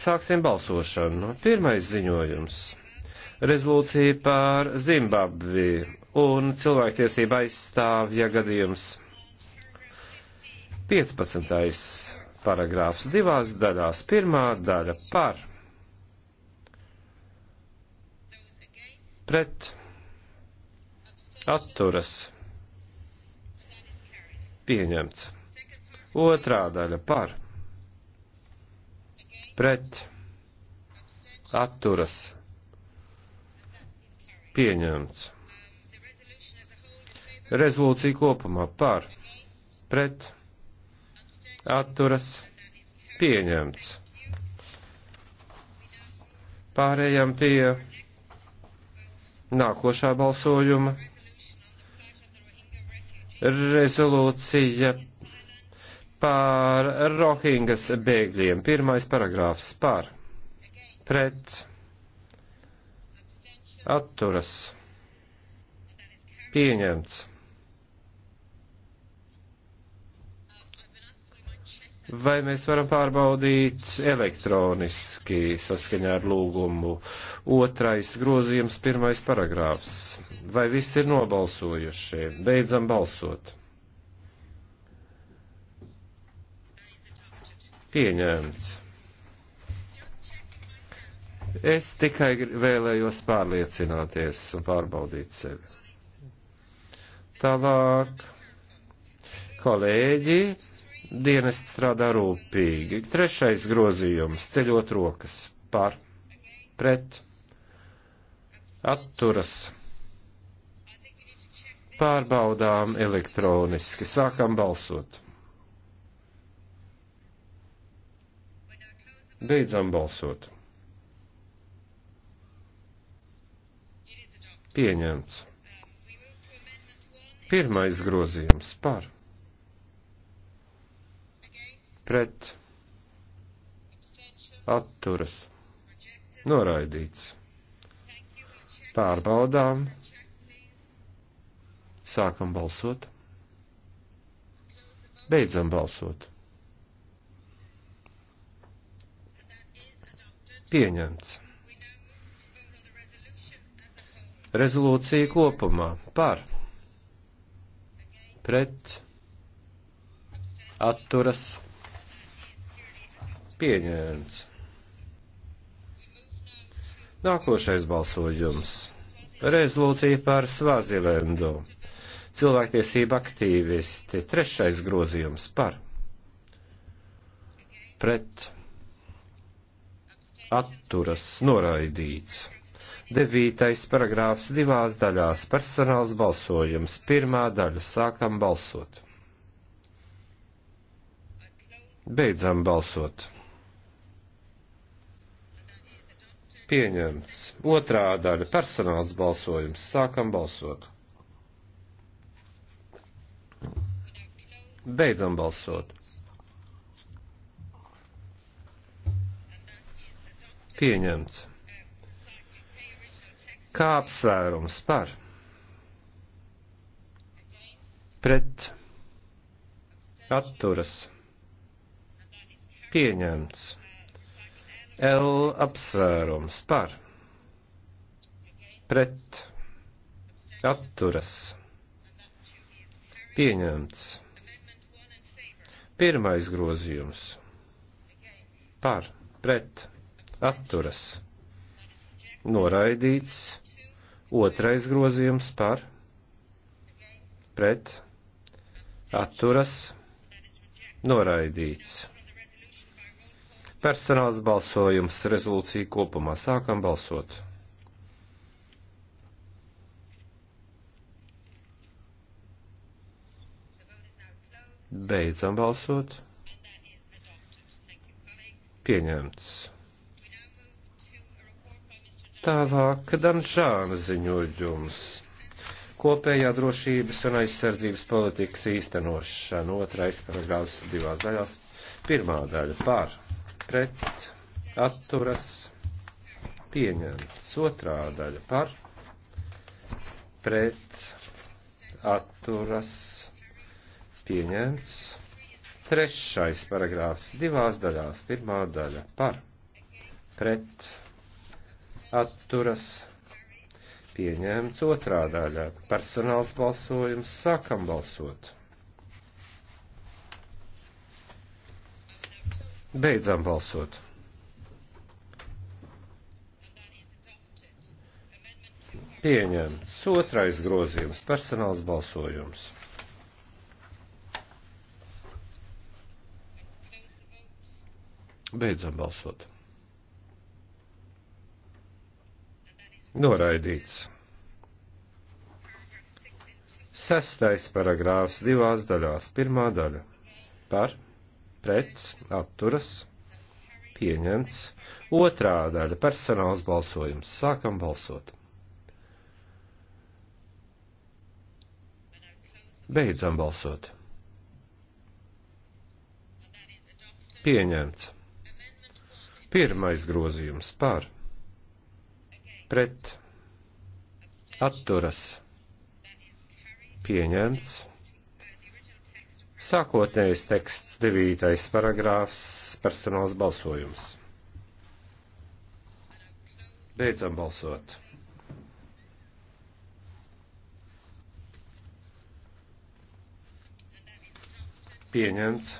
Sāksim balsošanu. Pirmais ziņojums. Rezolūcija par Zimbabvi un cilvēktiesība aizstāvja gadījums. 15. paragrāfs divās daļās. Pirmā daļa par. Pret. Atturas. Pieņemts. Otrā daļa par pret atturas pieņemts. Rezolūcija kopumā par pret atturas pieņemts. Pārējām pie nākošā balsojuma. Rezolūcija par Rohingas bēgļiem. Pirmais paragrāfs par pret atturas pieņemts. Vai mēs varam pārbaudīt elektroniski saskaņā ar lūgumu? Otrais grozījums, pirmais paragrāfs. Vai viss ir nobalsojuši? Beidzam balsot. pieņemts. Es tikai vēlējos pārliecināties un pārbaudīt sevi. Tālāk, kolēģi, dienests strādā rūpīgi. Trešais grozījums - ceļot rokas par, pret, atturas pārbaudām elektroniski. Sākam balsot. Beidzam balsot. Pieņemts. Pirmais grozījums par. Pret. Atturas. Noraidīts. Pārbaudām. Sākam balsot. Beidzam balsot. pieņemts. Rezolūcija kopumā par pret atturas pieņemts. Nākošais balsojums. Rezolūcija par Svazilendu. Cilvēktiesība aktīvisti. Trešais grozījums par. Pret atturas noraidīts. Devītais paragrāfs divās daļās - personāls balsojums. Pirmā daļa - sākam balsot. Beidzam balsot. Pieņemts. Otrā daļa - personāls balsojums. Sākam balsot. Beidzam balsot. pieņemts. Kā apsvērums par? Pret atturas pieņemts. L apsvērums par pret atturas pieņemts. Pirmais grozījums par pret atturas noraidīts. Otrais grozījums par pret atturas noraidīts. Personāls balsojums rezolūcija kopumā. Sākam balsot. Beidzam balsot. Pieņemts. Tālāk Danžāna ziņojums. Kopējā drošības un aizsardzības politikas īstenošana. Otrais paragrāfs divās daļās. Pirmā daļa par, pret, atturas, pieņemts. Otrā daļa par, pret, atturas, pieņemts. Trešais paragrāfs divās daļās. Pirmā daļa par, pret, atturas pieņēmts otrā daļā. Personāls balsojums sākam balsot. Beidzam balsot. Pieņemts otrais grozījums - personāls balsojums. Beidzam balsot. noraidīts. Sestais paragrāfs divās daļās. Pirmā daļa par, pret, atturas, pieņemts. Otrā daļa personāls balsojums. Sākam balsot. Beidzam balsot. Pieņemts. Pirmais grozījums par pret atturas pieņemts. Sākotnējais teksts, devītais paragrāfs, personāls balsojums. Beidzam balsot. Pieņemts.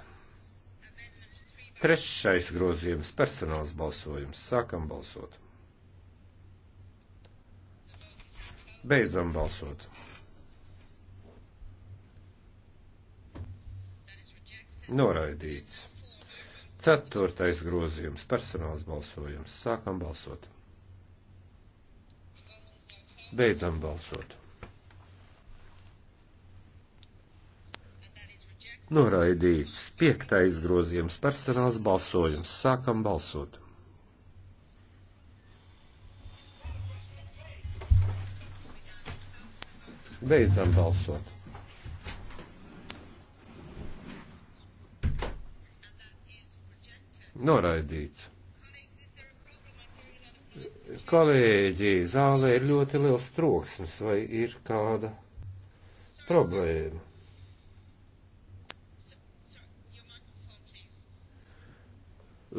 Trešais grozījums, personāls balsojums. Sākam balsot. Beidzam balsot. Noraidīts. Ceturtais grozījums - personāls balsojums. Sākam balsot. Beidzam balsot. Noraidīts. Piektais grozījums - personāls balsojums. Sākam balsot. Beidzam balsot. Noraidīts. Kolēģi, zālē ir ļoti liels troksnis, vai ir kāda problēma?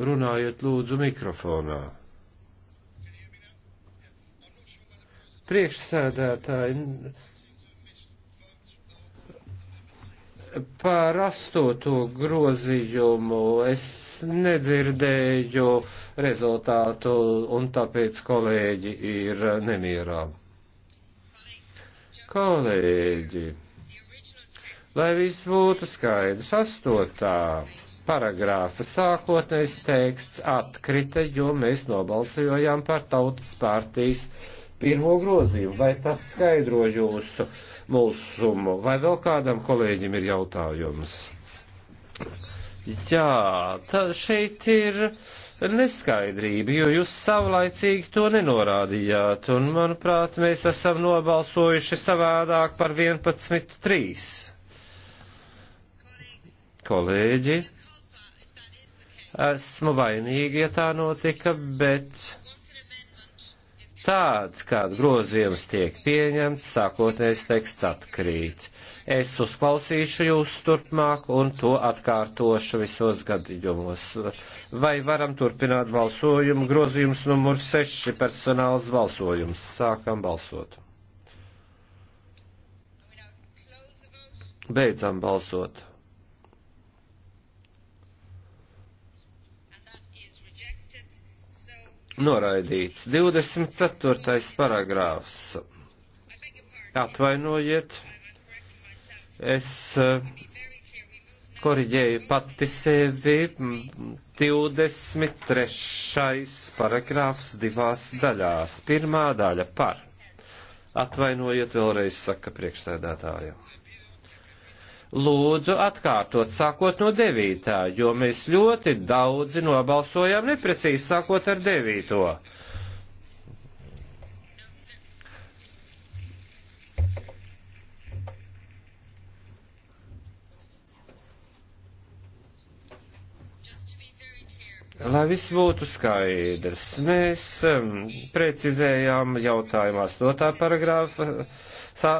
Runājiet lūdzu mikrofonā. Priekšsēdētāji Par astoto grozījumu es nedzirdēju rezultātu, un tāpēc kolēģi ir nemierā. Kolēģi, lai viss būtu skaidrs, astotā paragrāfa sākotnējs teksts atkrita, jo mēs nobalsojām par tautas partijas pirmo grozījumu. Vai tas skaidro jūsu? Uh, mulsumu. Vai vēl kādam kolēģim ir jautājums? Jā, tad šeit ir neskaidrība, jo jūs savlaicīgi to nenorādījāt, un, manuprāt, mēs esam nobalsojuši savādāk par 11.3. Kolēģi, esmu vainīgi, ja tā notika, bet tāds, kāda grozījums tiek pieņemts, sākotnējs teksts atkrīt. Es uzklausīšu jūs turpmāk un to atkārtošu visos gadījumos. Vai varam turpināt balsojumu? Grozījums numur 6 personāls balsojums. Sākam balsot. Beidzam balsot. noraidīts. 24. paragrāfs. Atvainojiet, es eh, koriģēju pati sevi. 23. paragrāfs divās daļās. Pirmā daļa par. Atvainojiet vēlreiz, saka priekšsēdētājiem lūdzu atkārtot, sākot no 9. jo mēs ļoti daudzi nobalsojām neprecīzi, sākot ar 9. Lai viss būtu skaidrs, mēs um, precizējām jautājumās no tā paragrāfa sā,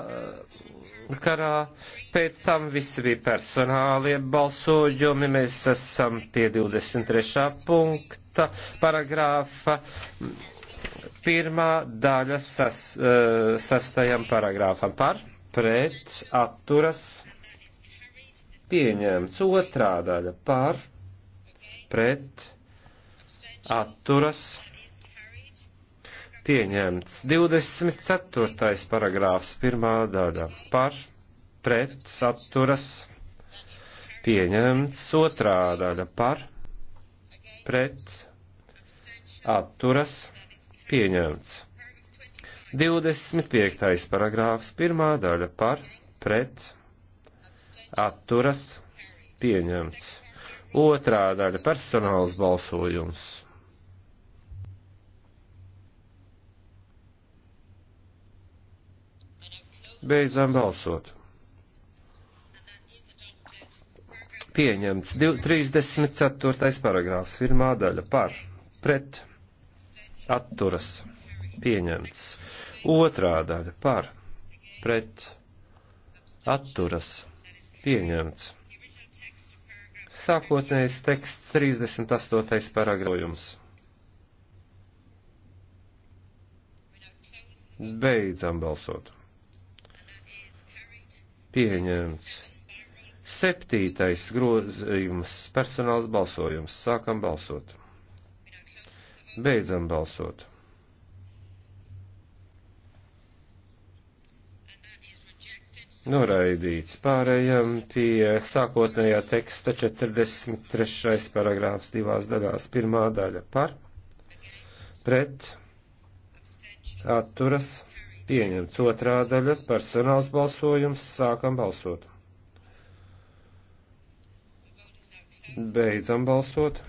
karā, pēc tam visi bija personālie balsojumi, mēs esam pie 23. punkta paragrāfa, pirmā daļa sas, eh, sastajam paragrāfam par, pret, atturas, pieņemts, otrā daļa par, pret, atturas, pieņemts pieņemts. 24. paragrāfs, pirmā daļa par, pret, saturas, pieņemts. Otrā daļa par, pret, atturas, pieņemts. 25. paragrāfs, pirmā daļa par, pret, atturas, pieņemts. Otrā daļa personāls balsojums. Beidzam balsot. Pieņemts 34. paragrāfs, pirmā daļa par, pret, atturas, pieņemts. Otrā daļa par, pret, atturas, pieņemts. Sākotnējais teksts 38. paragrāfs. Beidzam balsot pieņemts. Septītais grozījums - personāls balsojums. Sākam balsot. Beidzam balsot. Noraidīts pārējām pie sākotnējā teksta 43. paragrāfs divās daļās. Pirmā daļa par, pret, atturas Pieņemts otrā daļa, personāls balsojums, sākam balsot. Beidzam balsot.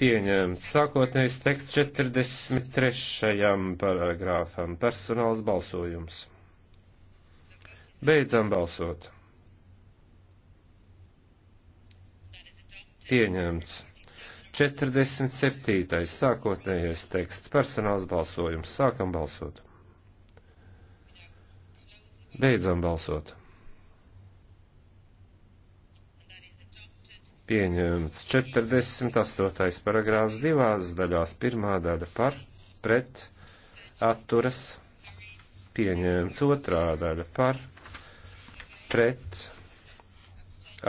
Pieņemts sākotnējs teksts 43. paragrāfam, personāls balsojums. Beidzam balsot. Pieņemts. 47. sākotnējais teksts, personāls balsojums. Sākam balsot. Beidzam balsot. Pieņemts 48. paragrāfs divās daļās. Pirmā daļa par, pret, atturas. Pieņemts otrā daļa par, pret,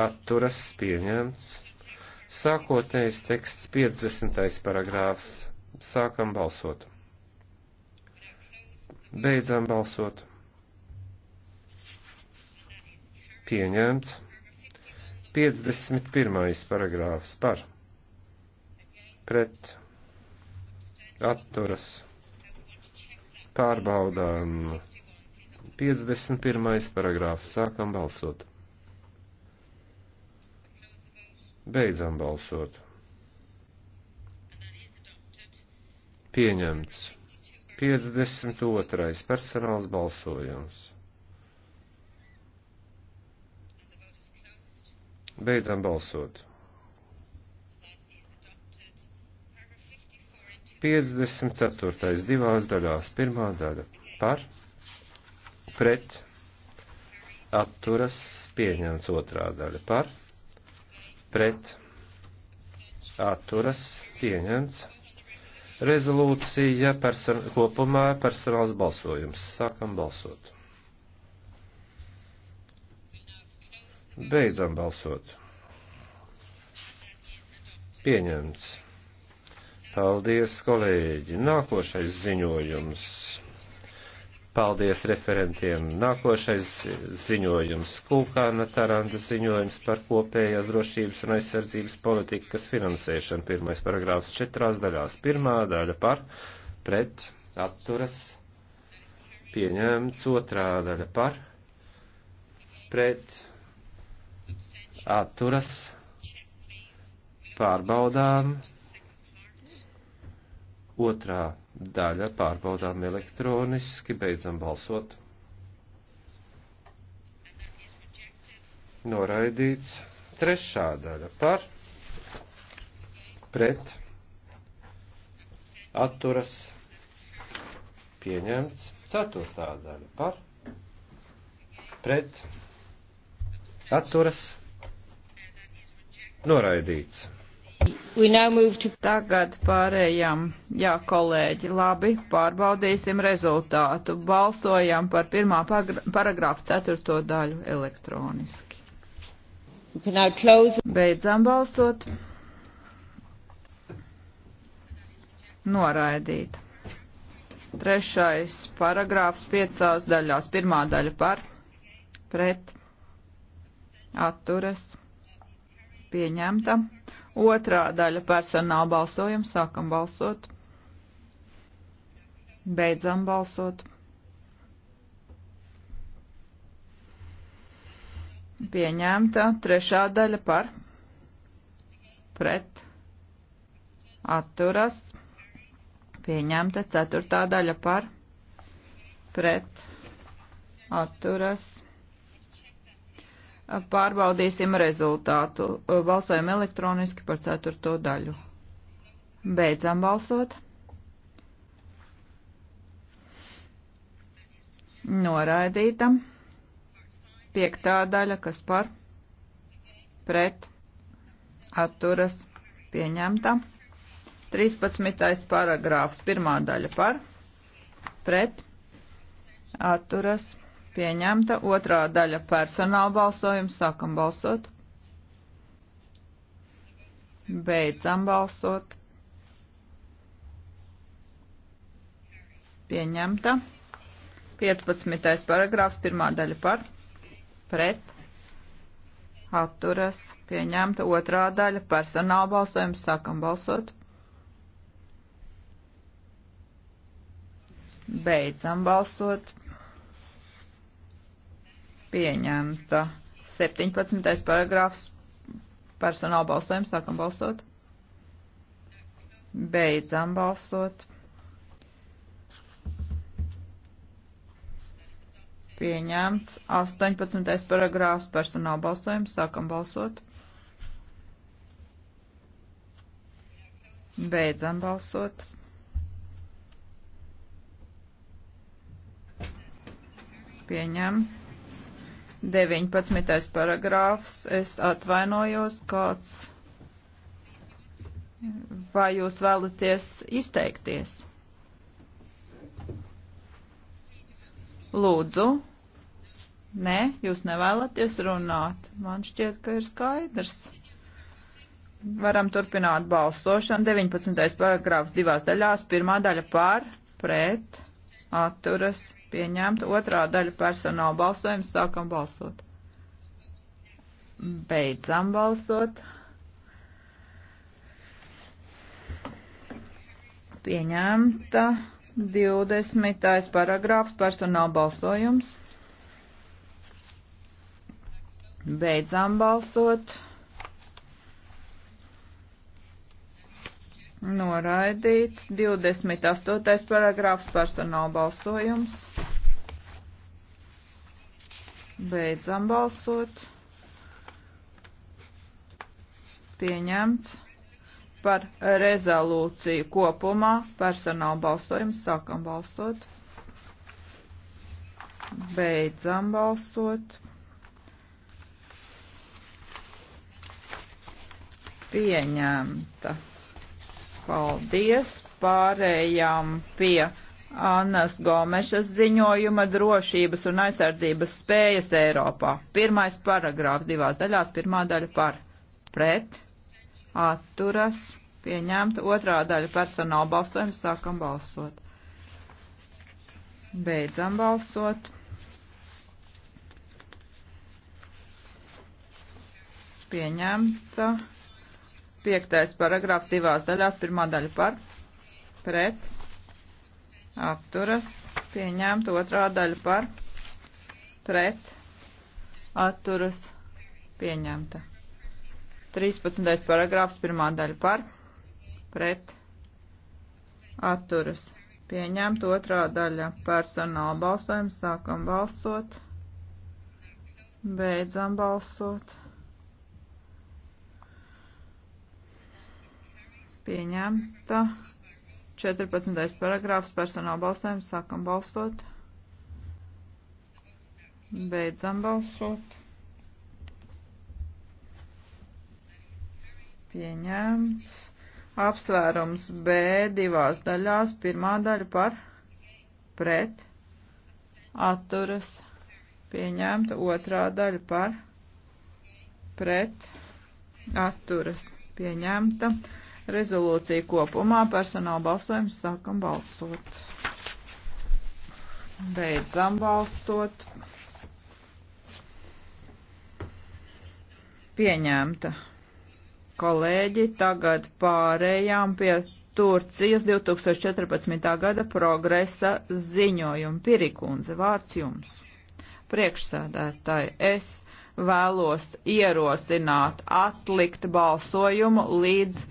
atturas. Pieņemts Sākotnējs teksts 50. paragrāfs. Sākam balsot. Beidzam balsot. Pieņemts. 51. paragrāfs par pret atturas pārbaudām 51. paragrāfs sākam balsot. Beidzam balsot. Pieņemts. 52. personāls balsojums. Beidzam balsot. 54. divās daļās. Pirmā daļa par, pret, atturas, pieņemts otrā daļa par pret atturas pieņemts. Rezolūcija person kopumā personāls balsojums. Sākam balsot. Beidzam balsot. Pieņemts. Paldies, kolēģi. Nākošais ziņojums. Paldies referentiem. Nākošais ziņojums - Kulkāna Taranda ziņojums par kopējās drošības un aizsardzības politikas finansēšanu. Pirmais paragrāfs četrās daļās. Pirmā daļa par, pret, atturas, pieņēmts. Otrā daļa par, pret, atturas, pārbaudām. Otrā daļa pārbaudām elektroniski, beidzam balsot. Noraidīts. Trešā daļa par, pret, atturas, pieņemts. Ceturtā daļa par, pret, atturas, noraidīts. To... Tagad pārējām, jā, kolēģi, labi, pārbaudīsim rezultātu. Balsojam par pirmā paragrāfa ceturto daļu elektroniski. Close... Beidzam balsot. Noraidīt. Trešais paragrāfs piecās daļās. Pirmā daļa par, pret, atturas, pieņemta Otrā daļa personāla balsojuma. Sākam balsot. Beidzam balsot. Pieņemta trešā daļa par pret atturas. Pieņemta ceturtā daļa par pret atturas Pārbaudīsim rezultātu. Balsojam elektroniski par ceturto daļu. Beidzam balsot. Noraidīta. Piektā daļa, kas par pret atturas pieņemta. 13. paragrāfs, pirmā daļa par pret atturas pieņemta pieņemta. Otrā daļa personāla balsojums. Sākam balsot. Beidzam balsot. Pieņemta. 15. paragrāfs, pirmā daļa par, pret, atturas, pieņemta otrā daļa, personāla balsojums, sākam balsot. Beidzam balsot pieņemta. 17. paragrāfs personāla balsojums. Sākam balsot. Beidzam balsot. Pieņemts. 18. paragrāfs personāla balsojums. Sākam balsot. Beidzam balsot. Pieņem. 19. paragrāfs. Es atvainojos, kāds. Vai jūs vēlaties izteikties? Lūdzu. Nē, jūs nevēlaties runāt. Man šķiet, ka ir skaidrs. Varam turpināt balsošanu. 19. paragrāfs divās daļās. Pirmā daļa pār, pret, atturas pieņemta. Otrā daļa personāla balsojums. Sākam balsot. Beidzam balsot. Pieņemta 20. paragrāfs personāla balsojums. Beidzam balsot. Noraidīts 28. paragrāfs personāla balsojums. Beidzam balsot. Pieņemts par rezolūciju kopumā personāla balsojums. Sākam balsot. Beidzam balsot. Pieņemta. Paldies! Pārējām pie Annas Gomešas ziņojuma drošības un aizsardzības spējas Eiropā. Pirmais paragrāfs divās daļās, pirmā daļa par pret, atturas, pieņemta, otrā daļa personāla balsojums, sākam balsot. Beidzam balsot. Pieņemta. Piektais paragrāfs divās daļās. Pirmā daļa par, pret, atturas, pieņemta. Otrā daļa par, pret, atturas, pieņemta. 13. paragrāfs pirmā daļa par, pret, atturas, Pieņemt otrā daļa personāla balsojums. Sākam balsot. Beidzam balsot. Pieņemta. 14. paragrāfs personāla balsojums. Sākam balsot. Beidzam balsot. Pieņemts. Apsvērums B divās daļās. Pirmā daļa par pret atturas. Pieņemta otrā daļa par pret atturas. Pieņemta rezolūcija kopumā. Personāla balsojums sākam balsot. Beidzam balsot. Pieņemta. Kolēģi, tagad pārējām pie Turcijas 2014. gada progresa ziņojuma. Pirikundze, vārds jums. Priekšsēdētāji, es vēlos ierosināt atlikt balsojumu līdz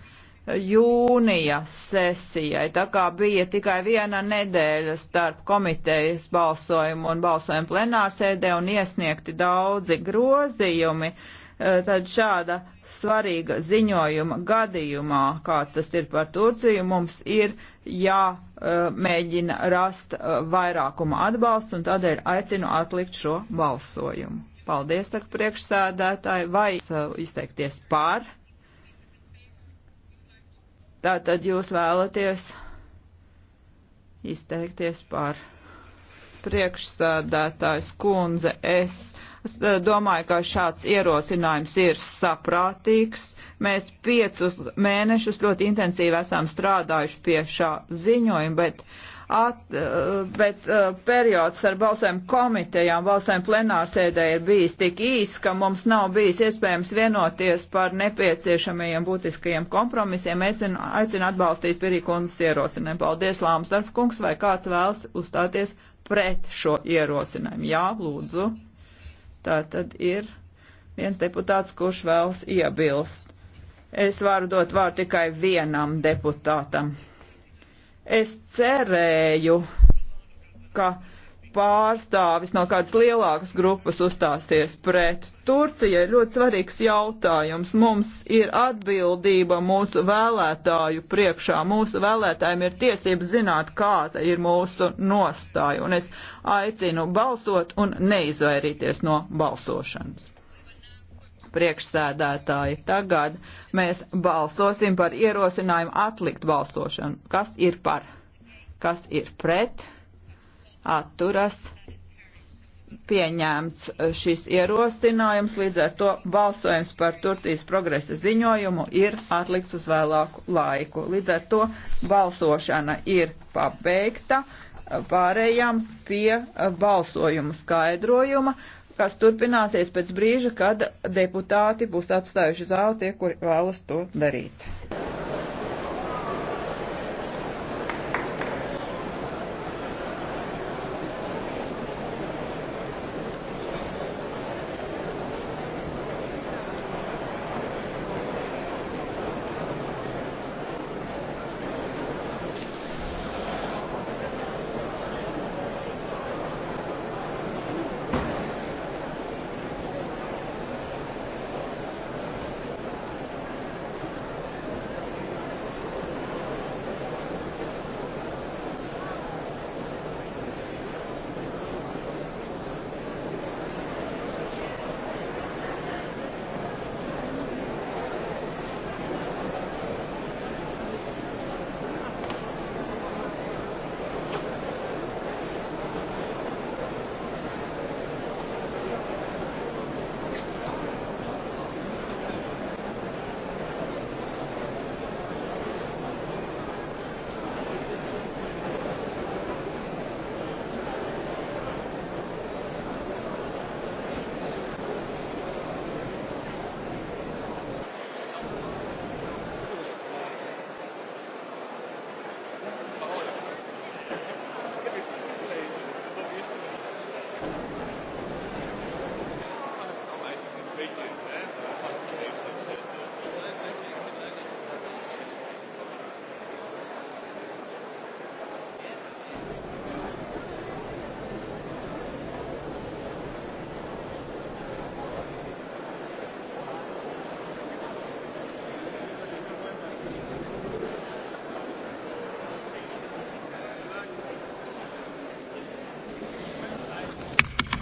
jūnija sesijai, tā kā bija tikai viena nedēļa starp komitejas balsojumu un balsojumu plenārsēdē un iesniegti daudzi grozījumi, e, tad šāda svarīga ziņojuma gadījumā, kāds tas ir par Turciju, mums ir jāmēģina rast e, vairākuma atbalsts un tādēļ aicinu atlikt šo balsojumu. Paldies, saka priekšsēdētāji, vai e, izteikties par? Tātad jūs vēlaties izteikties par priekšsādātājs kundze. Es, es e, domāju, ka šāds ierosinājums ir saprātīgs. Mēs piecus mēnešus ļoti intensīvi esam strādājuši pie šā ziņojuma, bet at, eh, bet eh, periods ar balsēm komitejām, balsēm plenārsēdē ir bijis tik īs, ka mums nav bijis iespējams vienoties par nepieciešamajiem būtiskajiem kompromisiem. Aicinu, aicinu atbalstīt Pirīkundas ierosinājumu. Paldies, Lāmas Darfkungs, vai kāds vēlas uzstāties pret šo ierosinājumu? Jā, lūdzu. Tā tad ir viens deputāts, kurš vēlas iebilst. Es varu dot vārdu tikai vienam deputātam. Es cerēju, ka pārstāvis no kādas lielākas grupas uzstāsies pret. Turcija ir ļoti svarīgs jautājums. Mums ir atbildība mūsu vēlētāju priekšā. Mūsu vēlētājiem ir tiesības zināt, kāda ir mūsu nostāja. Un es aicinu balsot un neizvairīties no balsošanas priekšsēdētāji. Tagad mēs balsosim par ierosinājumu atlikt balsošanu. Kas ir par? Kas ir pret? Atturas. Pieņēmts šis ierosinājums, līdz ar to balsojums par Turcijas progresa ziņojumu ir atlikts uz vēlāku laiku. Līdz ar to balsošana ir pabeigta pārējām pie balsojuma skaidrojuma kas turpināsies pēc brīža, kad deputāti būs atstājuši zāli tie, kuri vēlas to darīt.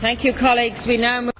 Thank you, colleagues. We now